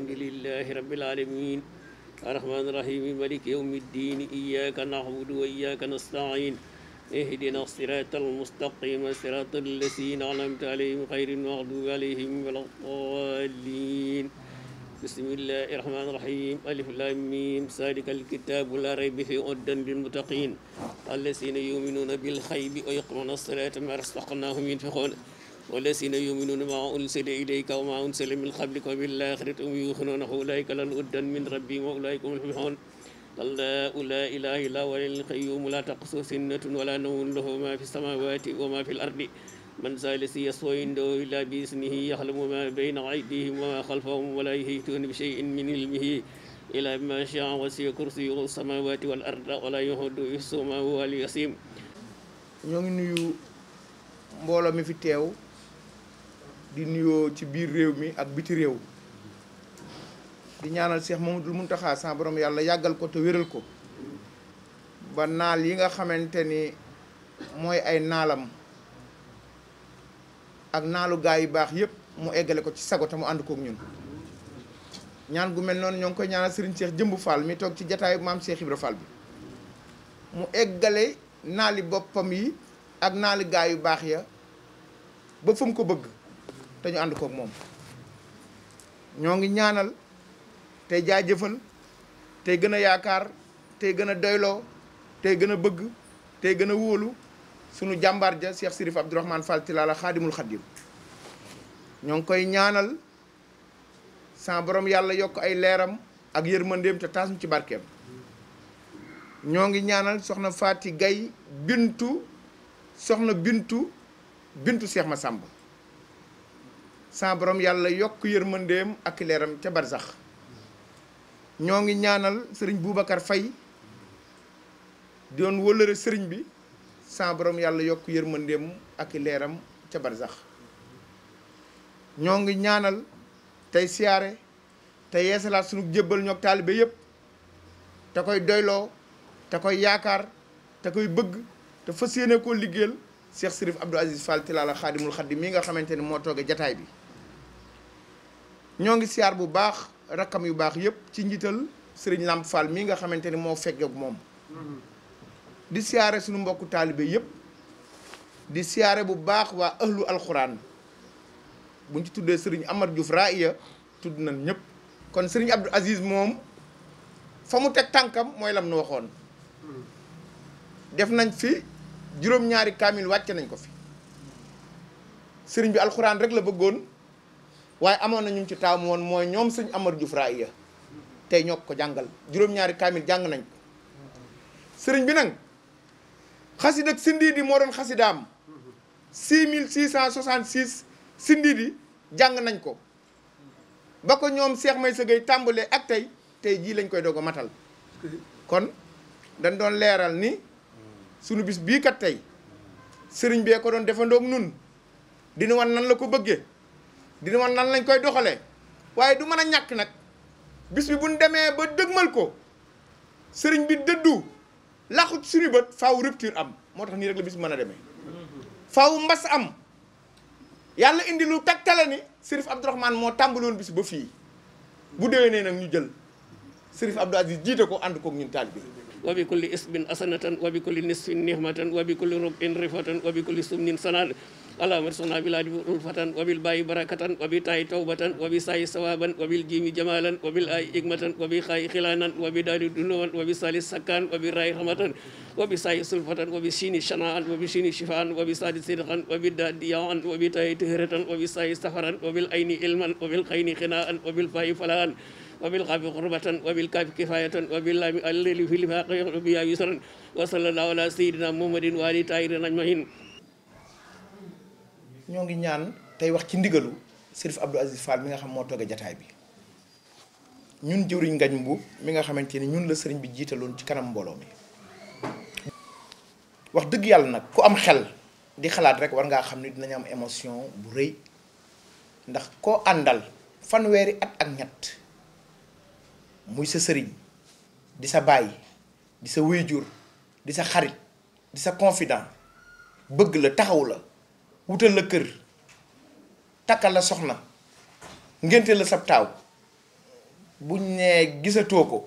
الحمد لله رب العالمين الرحمن الرحيم ملك يوم الدين إياك نعبد وإياك نستعين اهدنا الصراط المستقيم صراط الذين أنعمت عليهم غير المغضوب عليهم ولا الضالين بسم الله الرحمن الرحيم ألف لام ميم ذلك الكتاب لا ريب فيه هدى للمتقين الذين يؤمنون بالخيب ويقرون الصلاة ما رزقناهم ينفقون والذين يؤمنون ما أنزل إليك وما أنزل من قبلك وبالآخرة هم يوقنون أولئك لن أدا من ربي وأولئك هم المفلحون الله لا إله إلا هو القيوم لا تقصه سنة ولا نوم له ما في السماوات وما في الأرض من ذا الذي يسوى عنده إلا بإذنه يعلم ما بين أيديهم وما خلفهم ولا يهيتون بشيء من علمه إلا ما شاء وسع كرسيه السماوات والأرض ولا يهود يحصى وهو هو اليسيم ñoo ngi nuyu mbooloo mi fi teew di nuyoo ci biir réew mi ak biti réew di ñaanal Cheikh Mamadou Mountakha sa borom yàlla yàggal ko te wéral ko ba naal yi nga xamante ni mooy ay naalam ak naalu gaa yu baax yépp mu eggale ko ci sago te mu ànd kook ñun ñaan gu mel noonu ñoo ngi koy ñaanal Serigne seex jëmb Fall mi toog ci jataayu maam see Ibra Fall bi mu eggale naali boppam yi ak naali gaa yu baax ya ba fa mu ko bëgg te ñu ànd koog moom ñoo ngi ñaanal tey jaajeufal tey gëna yaakar yaakaar gëna doylo a gëna bëgg tey gëna wolu suñu sunu ja Cheikh Sirif abdourahman Fall Tilala khadimul khadim ñong koy ñaanal sa borom yalla yok ay leram ak yermandem te taasum ci barkem ñoo ngi ñaanal soxna Faati Gay bintu soxna bintu bintu Cheikh masamba sa borom yàlla yokk yërmandeem ak leeram ca barsax ñoo ngi ñaanal sëriñ Boubacar Faye doon wëllëre sëriñ bi sa borom yàlla yokk yërmandeem ak leeram ca barsax ñoo ngi ñaanal tey siyaare te yeesalaat sunu jébbal ñoog taalibe yëpp te koy doyloo te koy yaakaar te koy bëgg te fas yéene koo liggéeyal Cheikh Sirif Abdou Aziz Fall Tilala xaadimul xaddim mi nga xamante ni moo toogee jataay bi ñoo ngi siyaar bu baax rakkam yu baax yëpp ci njiital sëriñ Lamp Fall mii nga xamante ni moo fekk ak moom mm-hmm. di siyaare suñu mbokku taalibe yëpp di siyaare bu baax waa ahlu alxuraan buñ ci tuddee sëriñ Amar Diouf Raaya tudd na ñëpp kon sëriñ Abdou Aziz moom fa mu teg tànkam mooy lam nu waxoon mm-hmm. def nañ fi juróom-ñaari kaamil wàcce nañ ko fi sëriñ bi alxuraan rek la bëggoon way amoon na ci taamu woon moy ñom señ amadou Diouf Raaya ya. tey ñoo ko jangal juroom ñaari kamil jang nañ ko sëriñ bi nag khassid ak sindidi mo doon xasidaam 6666 sindidi jang nañ ko ba ko Cheikh may Gueye tambalé ak tay tay ji lañ koy dogo matal kon dañ doon leeral ni suñu bis bi kat tay señ bi ko doon defandok nun dina wan nan la ko bëgge dina wan nan lañ koy doxalee waaye du mën a ñàkk nag bis bi buñ demee ba dëgmal ko sëriñ bi dëddu laxut suñu bët faaw rupture am moo tax nii rek la bis bi mën a demee faaw mbas am yàlla indi lu tegtale ni sërif Abdourahmane moo tàmbali woon ba fii bu déwénee nag ñu jël sërif Abdou Aziz jiite ko ànd koog ñun taalibe wa bi kulli isbin asanatan wa bi kulli nisfin nihmatan wa bi kulli rubin rifatan wa bi kulli sumnin sanad اللهم ارزقنا بلاد رفعة وبالباء بركة وبالتاء توبة وبالساء ثوابا وبالجيم جمالا وبالآي إجمة وبالخاء خلانا وبالدال دنوا وبالثالث سكان وبالراء رحمة وبالساء سلفة وبالشين شناء وبالشين شفاء وبالساد صدقا وبالداء دياء وبالتاء تهرة وبالساء سفرا وبالعين علما وبالخين خناء وبالفاء فلان وبالقاف قربة وبالكاف كفاية وباللام الليل في الفاق وبيا يسرا وصلى الله على سيدنا محمد وآل طاهرين أجمعين ñoo ngi ñaan tey wax ci ndigalu Sérif Abdou Aziz Fall mi nga xam moo toogee jataay bi ñun jëwriñ ngañ mbuub mi nga xamante ni ñun la sëriñ bi jiitaloon ci kanam mbooloo mi wax dëgg yàlla nag ku am xel di xalaat rek war ngaa xam ni dinañ am émotion bu rëy ndax koo àndal fanweeri at ak ñett muy sa sëriñ di sa bàyyi di sa wéyjur di sa xarit di sa confident bëgg la taxawu la wutal la kër takal la soxna ngénte la sab taw buñ nee gisatoo ko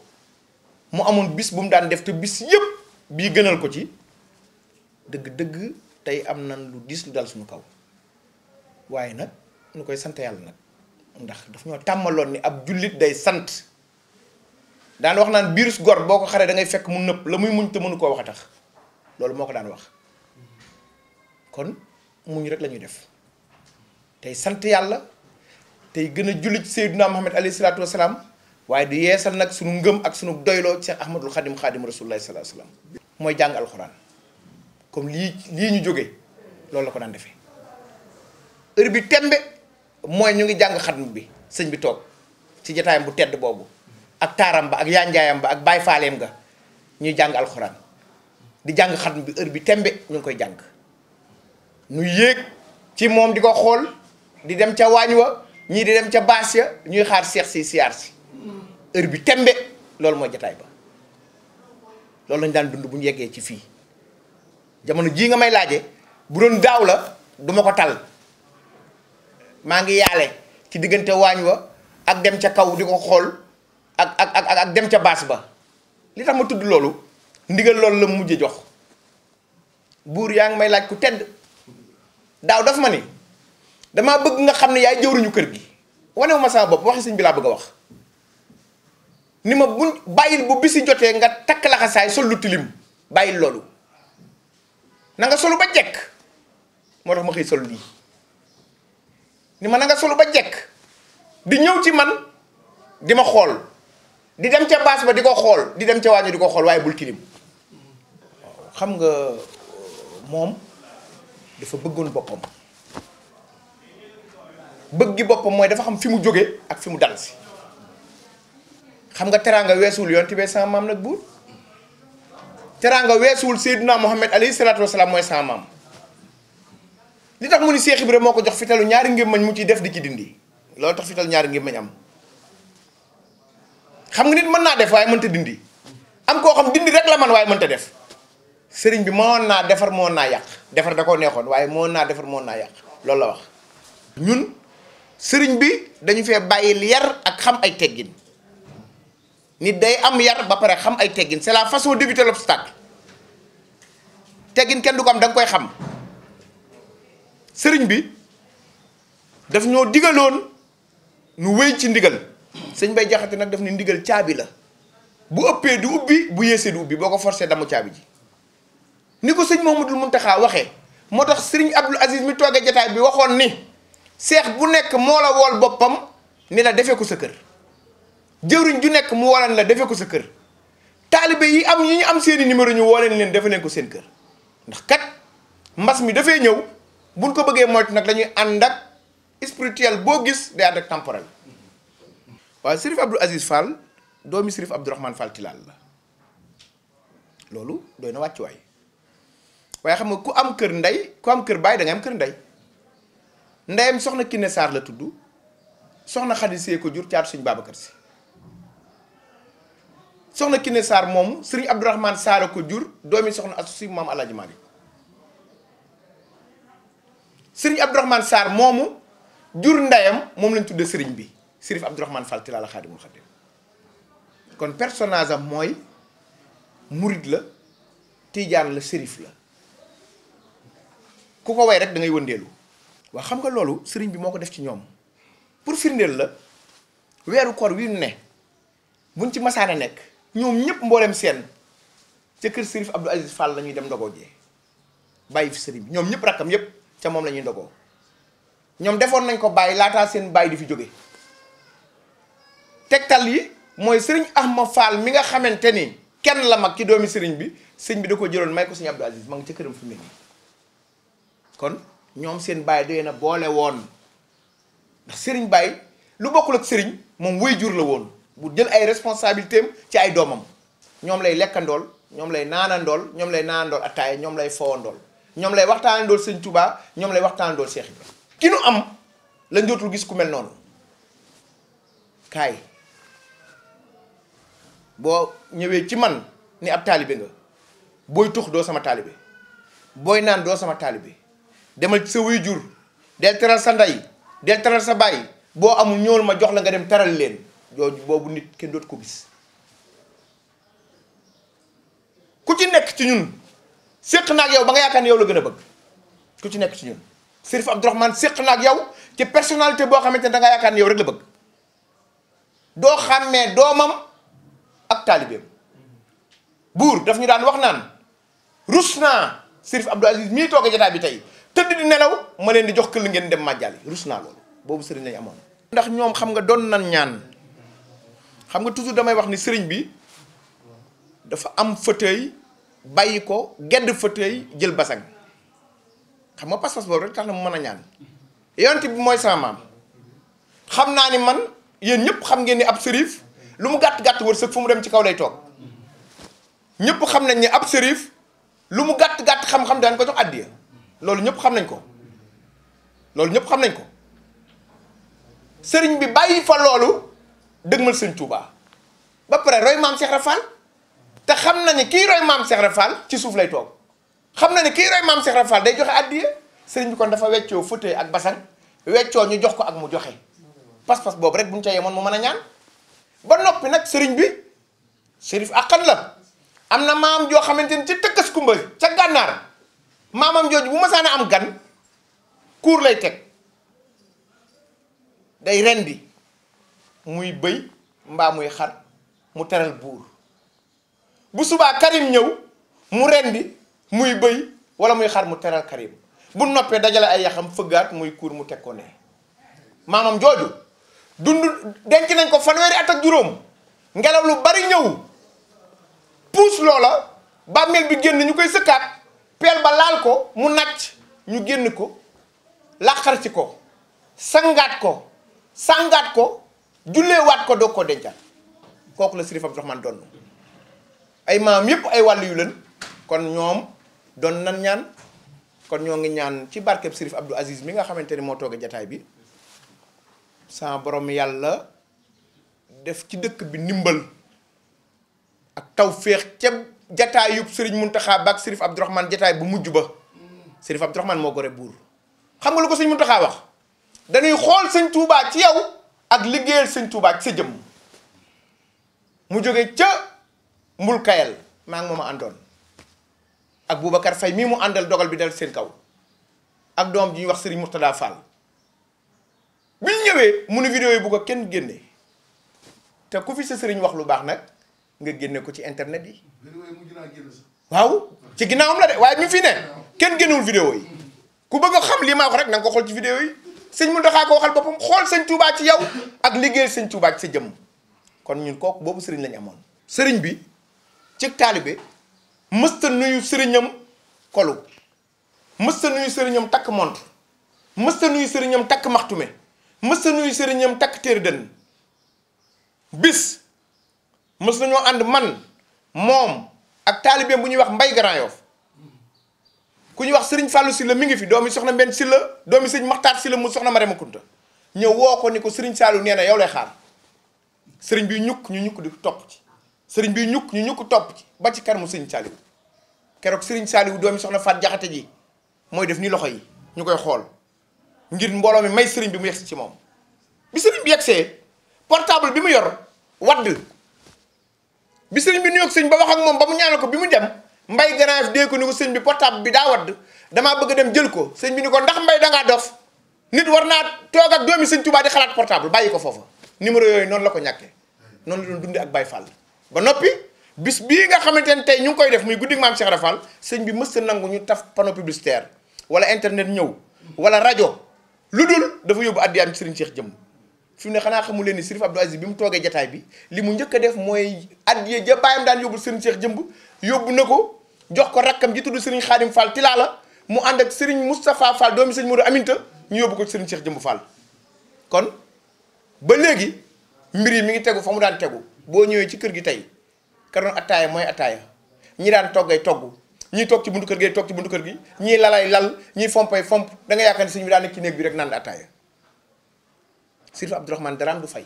mu bis bu mu daan def te bis yépp bi gënal ko ci dëgg-dëgg tey am nan lu dis lu dal suñu kaw waaye nag ñu koy sant yàlla nag ndax daf ñoo tàmmaloon ni ab jullit day sant dan wax naan virus gor boo ko xaree da ngay fekk mu nëpp la muy muñ te mënu koo wax tax loolu moo ko wax kon muñ rek la def tay sante yalla tay gëna julli ci Seydina Muhammad alayhi salaatu wa salaam waaye di yeesal nak suñu ngëm ak sunu doyloo Cheikh Ahmadul Khadim Khadim Rasulullah sallallahu alayhi wasallam sallam jang alquran comme li li ñu joggé loolu la ko daan defee heure bi tembe moy ñu ngi jang khadim bi señ bi tok ci jotaayam bu tedd bobu ak taram ba ak yaanjaayam ba ak baay falem ga ñu jang alquran di jang khadim bi heure bi tembe ñu koy jang nu yek ci mom di xol di dem ca wañu wa ñi di dem ca bass ya ñuy xaar cheikh ci siyaar ci mm. heure bi tembe loolu mo jotaay ba loolu lañ daan dund buñu ñu ci fi jamono ji nga may laaje bu doon daw la duma ko tal ma ngi yaale ci wañu wa ak dem ca kaw di xol ak ak ak ak dem ca bass ba li tax ma tuddu loolu ndigal loolu la mujjé jox buur yaa may laaj ku tedd daaw daf ma ni damaa bëgg nga xam ne yaay jëwriñu kër gi wanewu ma sama bopp waxi sëñ bi laa bëgg a wax ni ma bu bàyyil bu bisi jotee nga takk laxasaay sol lu tilim bàyyil loolu na nga solu ba jekk moo tax ma xëy sol lii ni ma na nga solu ba jekk di ñëw ci man di ma xool di dem ca baas ba di ko xool di dem ca waañu di ko xool waaye bul tilim xam nga moom dafa bëggoon bopam bëgg gi bopam moy dafa xam fi mu joggé ak fi mu dal ci xam nga teranga wessul yoon sa mam nak bur teranga wessul weesuwul muhammad ali sallallahu alaihi wasallam moy sa mam li tax mu ni Cheikh ibrahim moko jox fitalu ñaari ngeem mañ mu ci def di ci dindi loolu tax fital ñaari ngeem mañ am xam nga nit mën na def mën ta dindi am ko xam dindi rek la man mën ta def Sering bi mënoon naa defar moo naa yàq defar da koo neexoon mo na naa defar moo naa yàq loolu la wax ñun bi dañu fee bàyyil yar ak xam ay teggin day am yar ba pare xam ay teggin c'est la façon d'éviter l'obstacle teggin kenn du ko am kam sering koy xam sëriñ bi daf ñoo digaloon nu wéy ci ndigal sëñ bay jaxate nag daf ne ndigal caabi la bu uppe du ubi bu yese du ubi boo ko damu ni ko sëñ Mouhamadoul Mountakha waxee moo tax sëriñ Abdoul Aziz mi toogee jataay bi waxoon ni seex bu nekk moo la wool boppam ni la defee ko sa kër jëwriñ ju nekk mu walan la defee ko sa kër taalibe yi am yi ñu am seeni numéro ñu woo leen leen defe ko seen kër ndax kat mbas mi dafay ñëw buñ ko bëggee moytu nag dañuy ànd ak spirituel boo gis day ànd ak temporel waaw Sérif Abdou Aziz Fall doomi Sérif Abdourahmane Fall Tilal la loolu doy na wàccuwaay waaye xam nga ku am kër ndey ku am kër baay da am kër ndey ndeyam soxna Kiné saar la tudd soxna Xadi See ko jur caatu sëñ Babacar Si soxna Kiné Sarr moom sëriñ Abdourahmane Sarr ko jur doomi soxna asu si maam Alaaji Maalik sëriñ Abdourahmane Sarr moomu jur ndeyam moom lañ tuddee sëriñ bi sërif Abdourahmane Fall Tilala Xaadimul Xaadim kon personnage am mooy murid la tijaan la sërif la ku ko way rek da ngay wëndeelu waa xam nga loolu sëriñ bi moo ko def ci ñoom pour firndeel la weeru koor wi ñu ne buñ ci masaana nekk ñoom ñëpp mboolem seen ca kër sërif Abdou Aziz Fall la ñuy dem ndogoo jee bàyyi fi sëriñ bi ñoom ñëpp rakkam yëpp ca moom la ñuy ndogoo ñoom defoon nañ ko bàyyi laataa seen bàyyi di fi jóge tegtal yi mooy sëriñ Ahma Fall mi nga xamante ni kenn la mag ki doomi sëriñ bi sëriñ bi da ko jëloon may ko sëriñ Abdou Aziz ma këram fi mu ne kon ñoom seen baay doy na boole woon ndax sëriñ baay lu bokkul ak sëriñ moom way jur la woon bu jël ay responsabilité am ci ay doomam ñoom lay lekkandool ñoom lay naanandool ñoom lay naanandool attaaya ñoom lay fowandool ñoom lay waxtaanandool sëñ Touba ñoom lay waxtaanandool Cheikh Ibra ki nu am lañ dootul gis ku mel noonu kaay boo ñëwee ci man ni ab taalibe nga booy tux doo sama taalibe booy naan doo sama taalibe demal ci sa jur del teral sa ndey del teral sa baay boo amul ñëwal ma jox la nga dem teral leen jooju boobu nit kenn dootu ko gis ku ci nekk ci ñun séq na ak yow ba nga yaakaar ne yow la gën a bëgg ku ci nekk ci ñun Sérif Abdourahmane séq na ak yow ci personnalité boo xamante ne danga nga yaakaar ne yow rek la bëgg doo xàmmee doomam ak taalibeem buur daf ñu daan wax naan rus naa Sérif Abdou Aziz mii toog jataay bi tey tëdd di nelaw ma leen di jox këll ngeen dem màjjali rus naa loolu boobu sëriñ lañ amoon. ndax ñoom xam nga doon nan ñaan xam nga toujours damay wax ni sëriñ bi dafa am fauteuil bàyyi ko gedd fauteuil jël basang xam nga pas-pas boobu rek tax na mu mën a ñaan yonent bi mooy sama maam xam naa ni man yéen ñëpp xam ngeen ni ab sërif lu mu gàtt gàtt wërsëg fu mu dem ci kaw lay toog ñëpp xam nañ ni ab sërif lu mu gàtt gàtt xam-xam daan ko jox àddiya loolu ñëpp xam nañ ko loolu ñëpp xam nañ ko sëriñ bi bàyyi fa loolu mal sëñ Touba ba pare roy maam Cheikh Rafal te xam na ni kii roy maam Cheikh Rafal ci suuf lay xam na kii roy maam Cheikh Rafal day joxe àddiya sëriñ bi kon dafa weccoo fauteuil ak basan weccoo ñu jox ko ak mu joxe pas-pas boobu rek bu ñu ca yemoon mu mën a ñaan ba noppi nag sëriñ bi sërif àqan la am na maam joo xamante ni ci tëkkas kumba ca gànnaar maamam jooju bu masaana am gan kuur lay teg day rendi muy bëy mbaa muy xar mu teral buur bu subaa karim ñëw mu rendi muy bëy wala muy xar mu teral karim bu noppee dajale ay yaxam fëggaat muy kuur mu teg ko ne maamam jooju dund denc nañ ko fanweeri at ak juróom ngelaw lu bari ñëw puus loola bàmmeel bi génn ñu koy sëkkaat peel ba laal ko mu nàcc ñu génn ko làqar ci ko sangaat ko sangaat ko julleewaat ko doog koo dencaat kooku la Sëriñ Abdu Raxmaan donn ay maam yëpp ay wàllu yu leen kon ñoom doon nan ñaan kon ñoo ngi ñaan ci barkeb Sëriñ Abdou Aziz mi nga xamante ni moo toogee jataay bi sa borom yàlla def ci dëkk bi ndimbal ak taw féex ceeb sëriñ jataayub Serigne Mountakha Bak Serif Abdourahmane jataay bu mujj ba Serif Abdourahmane moo gore buur xam nga lu ko sëñ taxaa wax dañuy xool sëñ tuubaa ci yow ak liggéeyal sëñ Touba ci sa jëmm mu jóge ca mbul kayal maa ngi moom a àndoon ak Boubacar Faye mii mu àndal dogal bi dal seen kaw ak doom ji ñuy wax sëriñ Mourtada Fall bi ñu ñëwee mu ne yi bu ko kenn génne te ku fi sa sëriñ wax lu baax nag. nga génne ko ci internet yi. waaw ci ginnaawam la de waaye ñu fi ne kenn génnul vidéo yi ku bëgg xam lii ma ko rek na ko xool ci vidéo yi sëñ mu doxaa ko waxal boppam xool sañ Touba ci yow ak liggéey sañ Touba ci sa jëmm kon ñun kook boobu sëriñ lañ amoon. sëriñ bi ci taalibe mësta nuyu sëriñam kolu mësta nuyu sëriñam takk mont mësta nuyu sëriñam takk maxtume mësta nuyu sëriñam takk téere dënn bis mës nañoo ànd man moom ak taalibeem bu ñuy wax Mbay Grand Yoff ku ñuy wax sëriñ Fallou Sylla mi ngi fi doomi soxna Mbène Sylla doomi sëriñ Maxtaar Sylla mu soxna Marema Kunta ñëw woo ko ni ko sëriñ Saliou nee yow lay xaar sëriñ bi ñukk ñu ñukk di topp ci sëriñ bi ñukk ñu ñukk topp ci ba ci kanamu sëriñ Saliou keroog sëriñ Saliou doomi soxna Faat Jaxate ji mooy def ni loxo yi ñu koy xool ngir mbooloo mi may sëriñ bi mu yegsi ci moom bi sëriñ bi yegsee portable bi mu yor wadd bi sëñ bi nuyoog sëñ ba wax ak moom ba mu ñaanal ko bi mu dem mbay ganaaf dee ko ni ko sëñ bi portable bi daa wadd damaa bëgg dem jël ko sëñ bi nu ko ndax mbay dangaa dof nit war naa toog ak doomi sëñ Tuubaa di xalaat portable bàyyi ko foofu numéro yooyu noonu la ko ñàkkee noonu la doon dundee ak Baye Fall ba noppi bis bii nga xamante ne tey ñu ngi koy def muy guddi maam Cheikh Rafal sëñ bi mës a nangu ñu taf panneau publicitaire wala internet ñëw wala rajo lu dul dafa yóbbu addiyaam ci sëriñ Cheikh jëm su ne xanaa xamu leen ni Sirif Abdou Aziz bi mu toogee jataay bi li mu njëkk a def mooy addiya ja baayam daan yóbbul Serigne Cheikh jëmb yóbbu na ko jox ko rakkam ji tudd Serigne Khadim Fall Tilala mu ànd ak Serigne Moustapha Fall doomi Serigne Modou Aminta ñu yóbbu ko Serigne Cheikh jëmb Fall. kon ba léegi mbir yi mu ngi tegu fa mu daan tegu boo ñëwee ci kër gi tey ka doon attaaya mooy attaaya ñi daan toggay togg ñii toog ci buntu kër gi toog ci buntu kër gi ñii lalay lal ñii fompay fomp da nga yaakaar ne sëñ bi daan ci néeg bi rek naan attaaya Sirif Abdourahmane terang du fay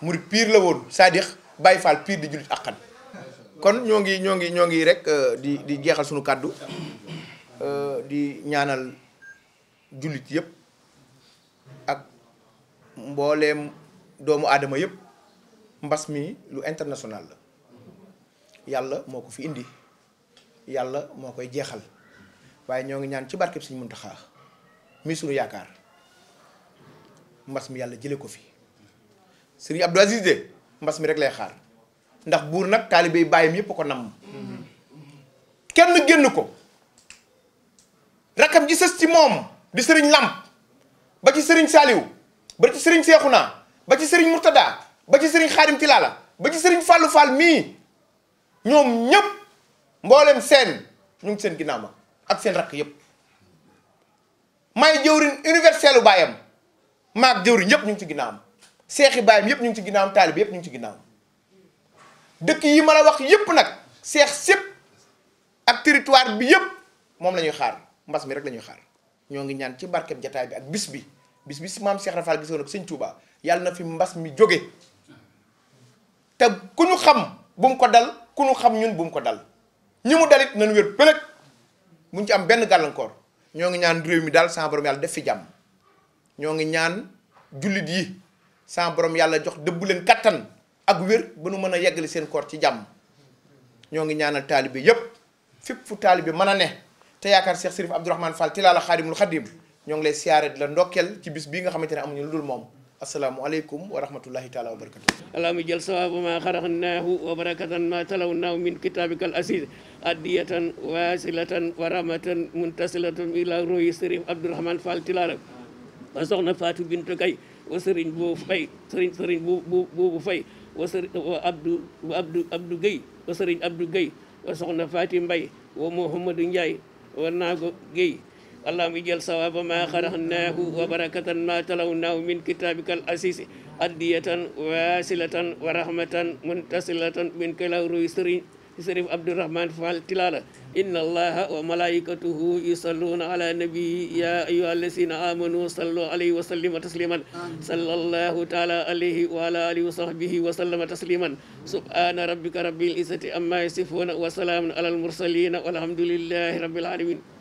mouri pire la won sadikh Baye Fall pire di julit akkan kon ñongi ñongi ñongi rek euh, di di jeexal suñu kaddu euh, di ñaanal julit yep ak mbollem doomu adama yep mbas mi lu international la yalla moko fi indi yalla mokoy koy waye ñongi ñaan ci barkeb Sëriñ Muntaxa mi suñu mbas mi yàlla jëlee ko fi sëriñ Abdou Aziz mbas mi rek lay xaar ndax buur nag taalibe yi bàyyam yëpp ko namm kenn génn ko rakam ji sës ci moom di sëriñ làmp ba ci sëriñ Saaliw ba ci sëriñ naa ba ci sëriñ Murtada ba ci sëriñ Xaadim Tilaala ba ci sëriñ Fàllu Fall mii ñoom ñëpp mboolem seen ñu ngi seen ginnaaw ma ak seen rakk yépp may jëwriñ universel u baayam maag jëwriñ yëpp ñu ngi ci ginnaawam seexi baayam yëpp ñu ngi ci ginnaawam taalib yëpp ñu ngi ci ginnaawam dëkk yi ma la wax yëpp nag seex sépp ak territoire bi yëpp moom la ñuy xaar mbas mi rek lañuy ñuy xaar ñoo ngi ñaan ci barkeb jataay bi ak bis bi bis bi si maam Cheikh Rafal gisoon ak sëñ Touba yàlla na fi mbas mi jóge te ku ñu xam bu mu ko dal ku ñu xam ñun bu mu ko dal ñi mu dalit nañu wér pëlëg buñ ci am benn gàllankoor ñoo ngi ñaan réew mi daal sama yàlla def fi jàmm ñoo ngi ñaan jullit yi sa borom yàlla jox dëbb leen kattan ak wér ba nu mën a yeggali seen koor ci jàmm ñoo ñaanal taalibe yépp fépp fu taalibe ne te yaakaar Cheikh Sérif Abdourahmane Fall Tilala Xaadimul Xadim ñoo ngi lay siyaare di la ndokkeel ci bis bii nga xamante ne amuñu lu dul moom assalaamu wa rahmatullahi taala wa barakatu allahuma jal sawaaba ma xaraqnaahu wa barakatan ma talawnaahu min kitaabika al asiis wasilatan wa rahmatan muntasilatan ila ruhi Sérif Abdourahmane Fall Tilala ba soxna Fatou Bintou Gaye wa sëriñ boobu fay sëriñ sëriñ boobu boobu fay wa sëriñ wa Abdou wa wa sëriñ Abdou Guèye wa soxna Fatou mbay wa Mouhamadou Ndiaye wa Naago Guèye allahumma ijal sawaba ma xaraxnaahu wa barakatan ma talawnaahu min kitabika al asisi addiyatan wasilatan wa rahmatan muntasilatan min kalaw ruy sëriñ sërif Abdourahmane Tilala إن الله وملائكته يصلون على النبي يا أيها الذين آمنوا صلوا عليه وسلموا تسليما صلى الله تعالى عليه وعلى آله وصحبه وسلم تسليما سبحان ربك رب العزة أما يصفون وسلام على المرسلين والحمد لله رب العالمين